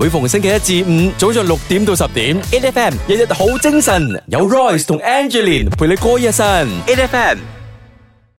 每逢星期一至五，早上六點到十點，EFM 日日好精神，有 Royce 同 Angelin 陪你過一晨，EFM。8FM.